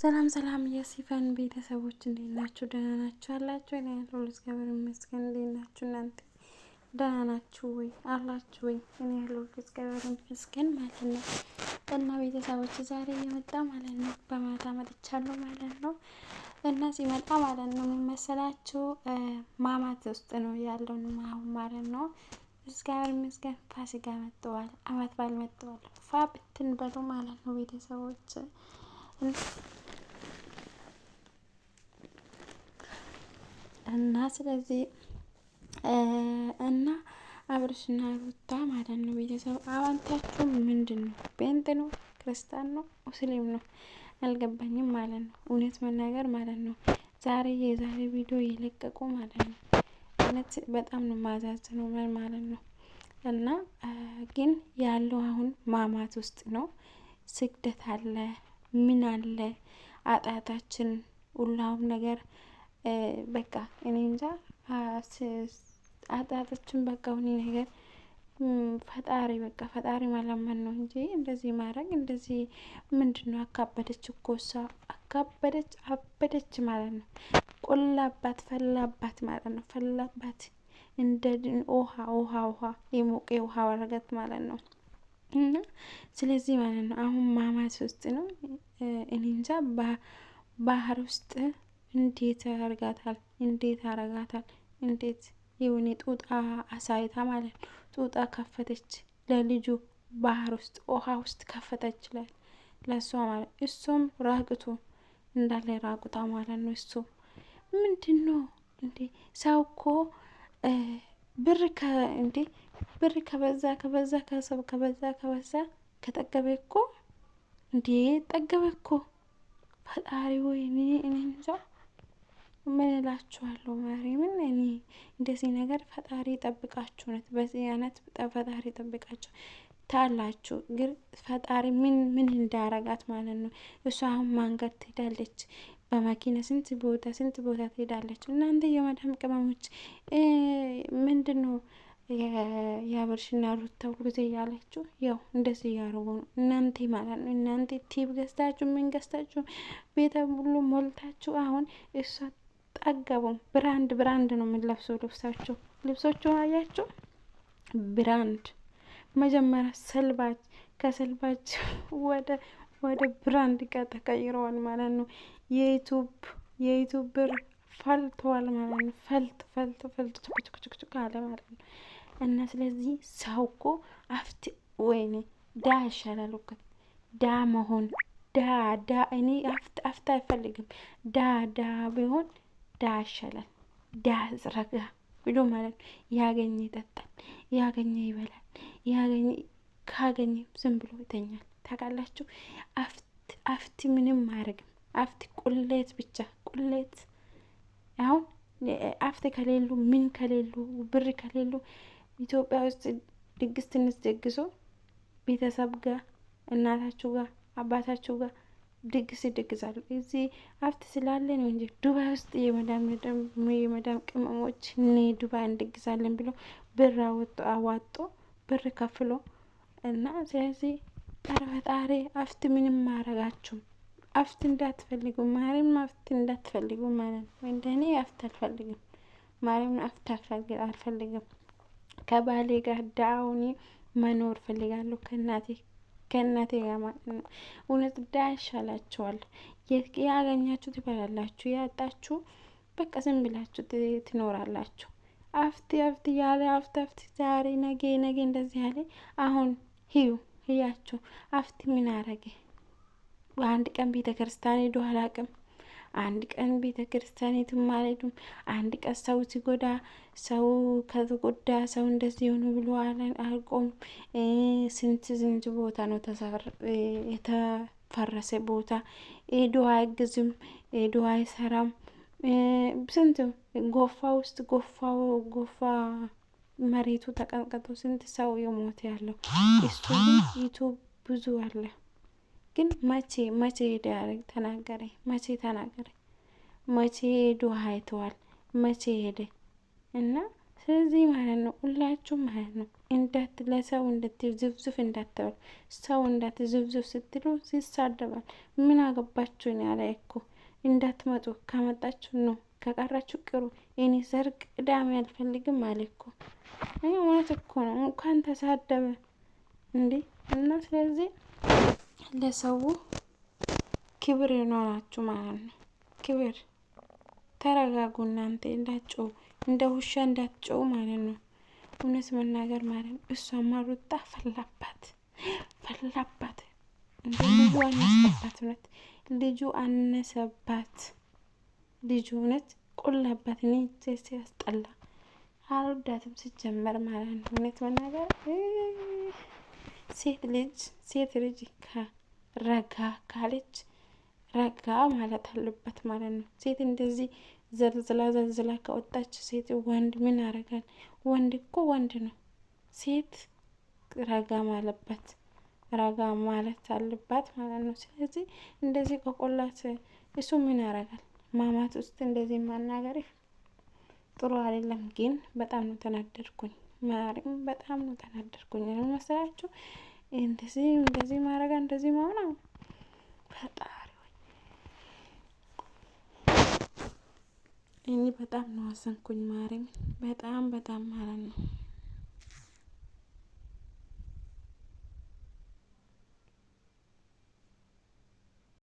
ሰላም ሰላም የሲፈን ቤተሰቦች እንዴት ናችሁ? ደህና ናችሁ አላችሁ? እኔ ያለው እግዚአብሔር ይመስገን። እንዴት ናችሁ እናንተ ደህና ናችሁ ወይ አላችሁ ወይ? እኔ ያለው እግዚአብሔር ይመስገን ማለት ነው። እና ቤተሰቦች ዛሬ የመጣ ማለት ነው፣ በማታ መጥቻለሁ ማለት ነው። እና ሲመጣ ማለት ነው የምመሰላችሁ ማማት ውስጥ ነው ያለውን ማሁን ማለት ነው። እግዚአብሔር ይመስገን ፋሲካ መጥተዋል፣ አመት በዓል መጥተዋል። ፋ ብትን በሉ ማለት ነው ቤተሰቦች እና ስለዚህ እና አብርሽና ሩታ ማለት ነው ቤተሰብ አባንታችሁ ምንድን ነው? ቤንት ነው? ክርስቲያን ነው? ሙስሊም ነው? አልገባኝም ማለት ነው። እውነት መናገር ማለት ነው። ዛሬ የዛሬ ቪዲዮ የለቀቁ ማለት ነው። እውነት በጣም ነው ማዛዝነው ማለት ነው። እና ግን ያለው አሁን ማማት ውስጥ ነው። ስግደት አለ ምን አለ አጣታችን ሁላውም ነገር በቃ እኔ እንጃ አጣጥችን በቃ ሁኔ ነገር ፈጣሪ በቃ ፈጣሪ ማላመን ነው እንጂ እንደዚህ ማድረግ እንደዚህ ምንድን ነው? አካበደች እኮ እሷ አካበደች አበደች ማለት ነው። ቆላባት ፈላባት ማለት ነው። ፈላባት እንደ ውሃ ውሃ ውሃ የሞቀ ውሃ ወረገት ማለት ነው። እና ስለዚህ ማለት ነው አሁን ማማት ውስጥ ነው እኔ እንጃ ባህር ውስጥ እንዴት ያርጋታል? እንዴት ያረጋታል? እንዴት ይሁን? ጡጣ አሳይታ ማለት ነው። ጦጣ ከፈተች ለልጁ ባህር ውስጥ ውሃ ውስጥ ከፈተች ለእሷ ማለት እሱም ራቅቱ እንዳለ ራቁታ ማለት ነው። እሱ ምንድን ነው እንዴ? ሰው እኮ ብር እንዴ ብር ከበዛ ከበዛ ከሰው ከበዛ ከበዛ ከጠገበ እኮ እንዴ ጠገበ እኮ ፈጣሪ ወይ ምን እላችኋለሁ ማርያምን እኔ እንደዚህ ነገር ፈጣሪ ጠብቃችሁ ነት በዚህ አይነት ፈጣሪ ጠብቃችሁ ታላችሁ ግን ፈጣሪ ምን ምን እንዳረጋት ማለት ነው። እሷ አሁን ማንገድ ትሄዳለች፣ በመኪና ስንት ቦታ ስንት ቦታ ትሄዳለች። እናንተ የመዳም ቅመሞች ምንድን ነው የአብርሽና ሩታ እያላችሁ ያው እንደዚህ እያደረጉ ነው። እናንተ ማለት ነው እናንተ ቲብ ገዝታችሁ ምን ገዝታችሁ ቤተ ሙሉ ሞልታችሁ አሁን እሷ አይጠገቡም። ብራንድ ብራንድ ነው የሚለብሰው ልብሳቸው ልብሶቹ አያቸው ብራንድ መጀመሪያ ሰልባጅ ከሰልባጅ ወደ ወደ ብራንድ ጋር ተቀይረዋል ማለት ነው። የዩቱብ የዩቱብ ብር ፈልተዋል ማለት ነው። ፈልት ፈልት ፈልት ችክችክችክ አለ ማለት ነው። እና ስለዚህ ሰው እኮ አፍት ወይኔ ዳ ይሻላል እኮ ዳ መሆን ዳ ዳ እኔ አፍት አፍት አይፈልግም ዳ ዳ ቢሆን ድሀ ይሻላል። ዳ ረጋ ብሎ ማለት ነው። ያገኘ ይጠጣል፣ ያገኘ ይበላል፣ ያገኘ ካገኘም ዝም ብሎ ይተኛል። ታውቃላችሁ፣ አፍቲ ምንም አያደርግም። አፍቲ ቁሌት ብቻ ቁሌት። አሁን አፍቲ ከሌሉ ምን ከሌሉ ብር ከሌሉ ኢትዮጵያ ውስጥ ድግስ ትንስ ደግሶ ቤተሰብ ጋር እናታችሁ ጋር አባታችሁ ጋር ድግስ ይደግሳሉ። እዚህ ሀብት ስላለ ነው እንጂ ዱባይ ውስጥ የመዳም የመዳም ቅመሞች እኔ ዱባይ እንደግሳለን ብሎ ብር አወጡ አዋጦ ብር ከፍሎ እና ስለዚህ ኧረ ፈጣሪ አፍት ምንም አረጋችሁም አፍት እንዳትፈልጉ ማርያም አፍት እንዳትፈልጉ ማለት ነው። እንደኔ አፍት አልፈልግም፣ ማርያም አፍት አልፈልግም። ከባሌ ጋር ዳውኒ መኖር ፈልጋለሁ ከእናቴ ከእናቴ ጋር ማለት ነው። እውነት ዳያሻላቸዋል። ያገኛችሁ ትበላላችሁ፣ ያጣችሁ በቃ ዝም ብላችሁ ትኖራላችሁ። አፍት አፍት ያለ አፍት አፍት ዛሬ ነገ ነገ እንደዚህ ያለ አሁን ህዩ ህያችሁ አፍት ምን አረገ? በአንድ ቀን ቤተ ክርስቲያን ሄዶ አላቅም አንድ ቀን ቤተ ክርስቲያን የትም አልሄድም። አንድ ቀን ሰው ሲጎዳ ሰው ከተጎዳ ሰው እንደዚህ ሆኑ ብሎ አልቆም። ስንት ስንት ቦታ ነው የተፈረሰ ቦታ ሄዶ አያግዝም፣ ሄዶ አይሰራም። ስንት ጎፋ ውስጥ ጎፋ ጎፋ መሬቱ ተቀንቀጦ ስንት ሰው የሞተ ያለው እሱ ዩቱብ ብዙ አለ። ግን መቼ መቼ ሄደ ያደረግ ተናገረኝ፣ መቼ ተናገረ፣ መቼ ሄዱ አይተዋል፣ መቼ ሄደ እና ስለዚህ ማለት ነው ሁላችሁም ማለት ነው እንዳት ለሰው እንዳት ዝብዝብ እንዳትበሉ ሰው እንዳት ዝብዝብ ስትሉ ሲሳደባል ምን አገባችሁ ያለ እኮ እንዳትመጡ ከመጣችሁ ነው ከቀራችሁ ቅሩ። እኔ ሰርግ ቅዳሜ አልፈልግም አለ እኮ እኔ እውነት እኮ ነው እንኳን ተሳደበ እንዴ እና ስለዚህ ለሰው ክብር ይኖራችሁ ማለት ነው። ክብር ተረጋጉ። እናንተ እንዳትጮው እንደ ውሻ እንዳትጨው ማለት ነው። እውነት መናገር ማለት ነው። እሷማ ሩጣ ፈላባት ፈላባት እንደ ልጁ አነሰባት። እውነት ልጁ አነሰባት። ልጁ እውነት ቆላባት። እኔ ሲያስጠላ አልወዳትም ሲጀመር ማለት ነው። እውነት መናገር ሴት ልጅ ሴት ልጅ ረጋ ካለች ረጋ ማለት አለበት ማለት ነው። ሴት እንደዚህ ዘልዝላ ዘልዝላ ከወጣች ሴት ወንድ ምን አረጋል? ወንድ እኮ ወንድ ነው። ሴት ረጋ ማለበት ረጋ ማለት አለባት ማለት ነው። ስለዚህ እንደዚህ ከቆላት እሱ ምን ያደርጋል? ማማት ውስጥ እንደዚህ ማናገር ጥሩ አይደለም። ግን በጣም ነው ተናደድኩኝ። ማርያም በጣም ነው ተናደድኩኝ። ተናደርኩኝ። መሰላችሁ እንደዚህ እንደዚህ ማረጋ እንደዚህ መሆና ፈጣሪ እኔ በጣም ነው አዘንኩኝ። ማርያም በጣም በጣም ማለት ነው።